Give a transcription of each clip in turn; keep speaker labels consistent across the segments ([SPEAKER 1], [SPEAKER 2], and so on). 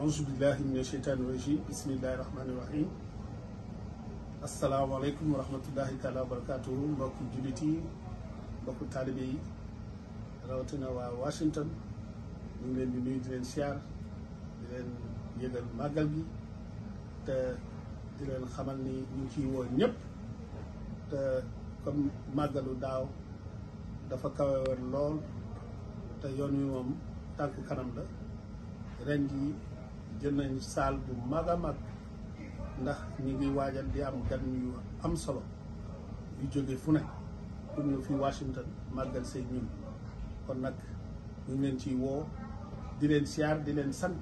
[SPEAKER 1] auzu billahi mina sheytaani rajim bismillahi rahmaani rahim asalaamaaleykum wa rahmatullahi taala wa barakaatuhu mbokku jullit yi mbokku taalibe yi rawatina waa Washington ñu ngi leen di nuyu di leen siyaar di leen yëgal màggal gi te di leen xamal ni ñu ciy woo ñëpp te comme màggalu daaw dafa kawe woon lool te yoon wi moom tànk kanam la ren gi jël nañu saal bu mag a mag ndax ñu ngi waajal di am gan yu am solo yu jóge fu ne pour ñu fi Washington màggal say ñun kon nag ñu leen ci woo di leen siyaar di leen sant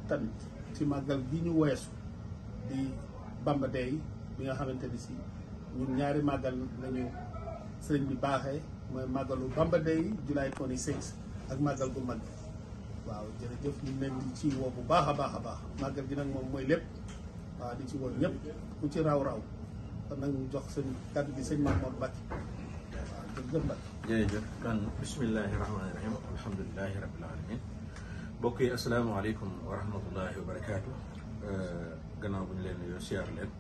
[SPEAKER 1] ci màggal bi ñu weesu di Bamba Day bi nga xamante ni si ñun ñaari màggal nañu sëriñ bi baaxee mooy màggalu Bamba Day July 26 ak màggal bu mag waaw jërëjëf ñu leen di ci woo bu baax a baax a baax màggal gi nag moom mooy lépp waaw di ci woo ñëpp ku ci raw raw kon nag ñu jox seen kàddu gi sëñ Mamour Mbacke waaw jërëjëf Mbacke.
[SPEAKER 2] jërëjëf kon bismillahi rahmaani rahim alhamdulilahi rabbil alamin mbokk yi asalaamaaleykum wa rahmatullahi wa barakaatu. Euh, gannaaw bu ñu leen nuyoo siyaar leen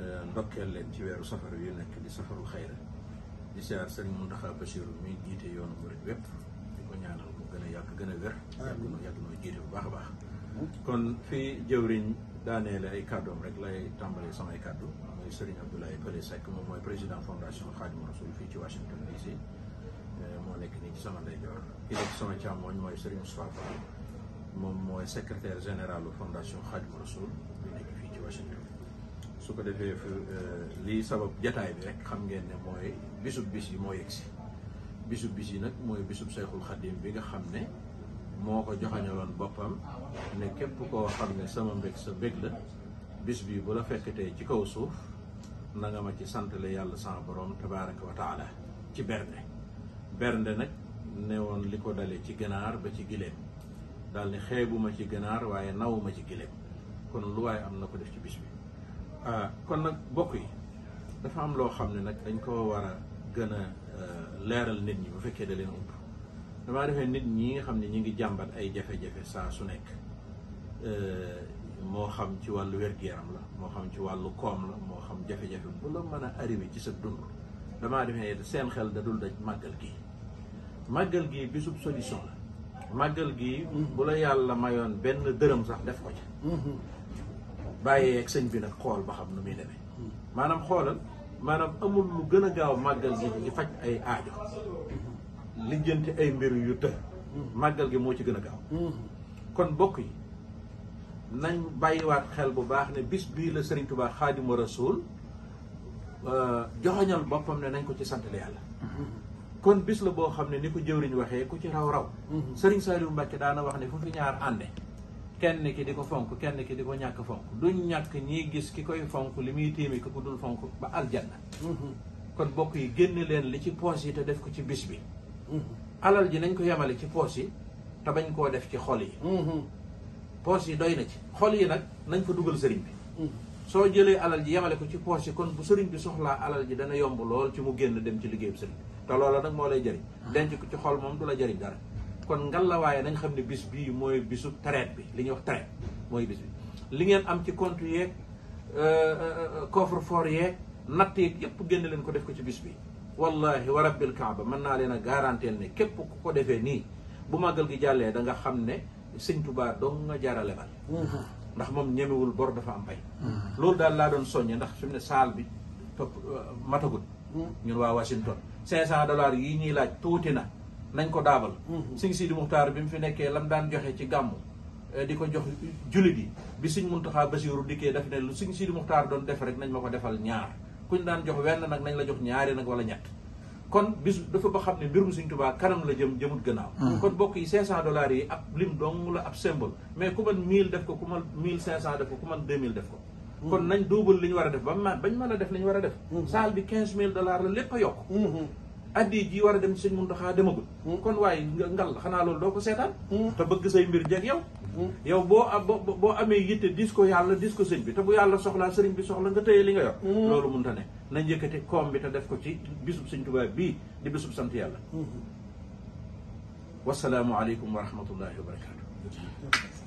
[SPEAKER 2] euh, ndokkeel leen ci weeru safar yu nekk di safaru xayra di siyaar sëñ Mountakha Bachir mi jiite yoonu murid wépp ko ñaanal mu gën a yàgg gën a wér yàgg noo yàgg bu baax a baax kon fii jëwriñ daanee la ay kàddoom rek lay tàmbalee samay kàddu mooy Serigne Abdoulaye Pelé Seck moom mooy président fondation Khadimou Rassoul fii ci Washington DC eh, moo nekk nii ci sama ndeyjoor ki nekk sama mooy Serigne Moustapha Fall moom mooy secrétaire général fondation Khadimou Rassoul ñu nekk fii ci Washington su ko defee eh, lii sabab jataay bi rek xam ngeen ne mooy bisub bis yi moo yegg si bisub bis yi nag mooy bisub Seexul Xadim bi nga xam ne moo ko joxañaloon boppam ne képp koo xam ne sama mbég sa mbég la bis bii bu la fekktee ci kaw suuf na ma ci santale yàlla sama borom tabaraka wa taala ci bernde bernde nag ne woon li ko dale ci ganaar ba ci giléem daal ni xeebuma ci ganaar waaye nawuma ci giléem kon lu waaye am na ko def ci bis bi ah, kon nag bokk yi dafa am loo xam ne nag dañ ko wara gën a euh, leeral nit ñi bu fekkee da leen ump damaa defee nit ñi nga xam ne ñi ngi jàmbat ay jafe-jafe saa su nekk euh, moo xam ci wàllu wér-gu-yaram la moo xam ci wàllu koom la moo xam jafe-jafe bu la mën a arrivé ci sa dund damaa defee seen xel da daj màggal gi màggal gi bisub solution la màggal gi bu la yàlla mayoon benn dërëm sax def ko ci bàyyee ak sëñ bi nag xool ba xam nu muy demee maanaam xoolal maanaam amul lu gën a gaaw màggal gi faj ay aajo lijjanti ay mbir yu të màggal gi moo ci gën a gaaw kon bokk yi nañ bàyyiwaat xel bu baax ne bis bii la Sëriñ Tuubaa Xaadimu Rasuul euh, joxoñal boppam ne nañ ko ci santale yàlla kon bis la boo xam ne ni ko jëwriñ waxee ku ci raw raw Sëriñ Saliou Mbacke daana wax ne fu fi ñaar ànde kenn ki di ko fonk kenn ki di ko ñàkk fonk duñ ñàkk ñiy gis ki koy fonk li muy tiimi ko ku dul fonk ba aljanna mm-hmm. kon bokk yi génn leen li ci poos yi te def ko ci bis bi mm-hmm. alal ji nañ ko yemale ci poos yi te bañ koo def ci xol yi mm-hmm. poos yi doy na ci xol yi nag nañ ko dugal sëriñ bi soo jëlee alal ji yemale ko ci poos yi kon bu sëriñ bi soxlaa alal ji dana yomb lool ci mu génn dem ci liggéeyam sëriñ te loola nag moo lay jëriñ ah. denc ko ci xol moom du la jëriñ dara kon ngallawaaye nañ xam ne bis bii mooy bisu traite bi li ñuy wax traite mooy bis bi li ngeen am ci compte yeeg euh, euh, euh, coffre fort yeeg natt yeeg yépp génn leen ko def ko ci bis bi wallahi wa rabbil ba mën naa leen a garanteel ne képp ku ko defee nii bu màggal gi jàllee da nga xam ne sëñ Tuubaa dong nga jaara lebal mm-hmm. ndax moom ñemewul bor dafa am bay mm-hmm. loolu daal laa doon soññe ndax fi mu ne saal bi topp matagut mm-hmm. ñun waa Washington cinq cent dollars yii ñuy laaj tuuti na nañ ko daabal mhm. sing Sidi muhtar bi mu fi nekké lam daan joxé ci gamu eh, diko jox julit yi bi sing Muntaxa basirou diké daf né lu sing Sidi muhtar doon def rek nañ mako defal ñaar kuñ daan jox wenn nak nañ la jox ñaari nak wala ñatt kon bis dafa ba xamné birum sing sëñ kanam la jëm jëmut gënaaw mhm. kon bokk yi 500 dollars yi ab lim dong la ab symbole mais ku man 1000 def ko ku man 1500 def ko ku man 2000 def ko mhm. kon nañ double liñ wara def bañ ma la def liñ wara def saal bi 15000 dollars la lepp yok addi ji war a dem ci sëñ Muntaxa demagul hmm. kon waaye ngal xanaa loolu doo ko seetaan hmm. te bëgg say mbir jeg yow hmm. yow boo boo amee yitte dis ko yàlla dis ko sëñ bi te bu yàlla soxlaa sëriñ bi soxla nga tëye li nga yor loolu mënta ne na njëkkati koom bi te def ko ci bisub sëñ Tuubaa bii di bisub sant yàlla wasalaamu aleykum wa wa barakatu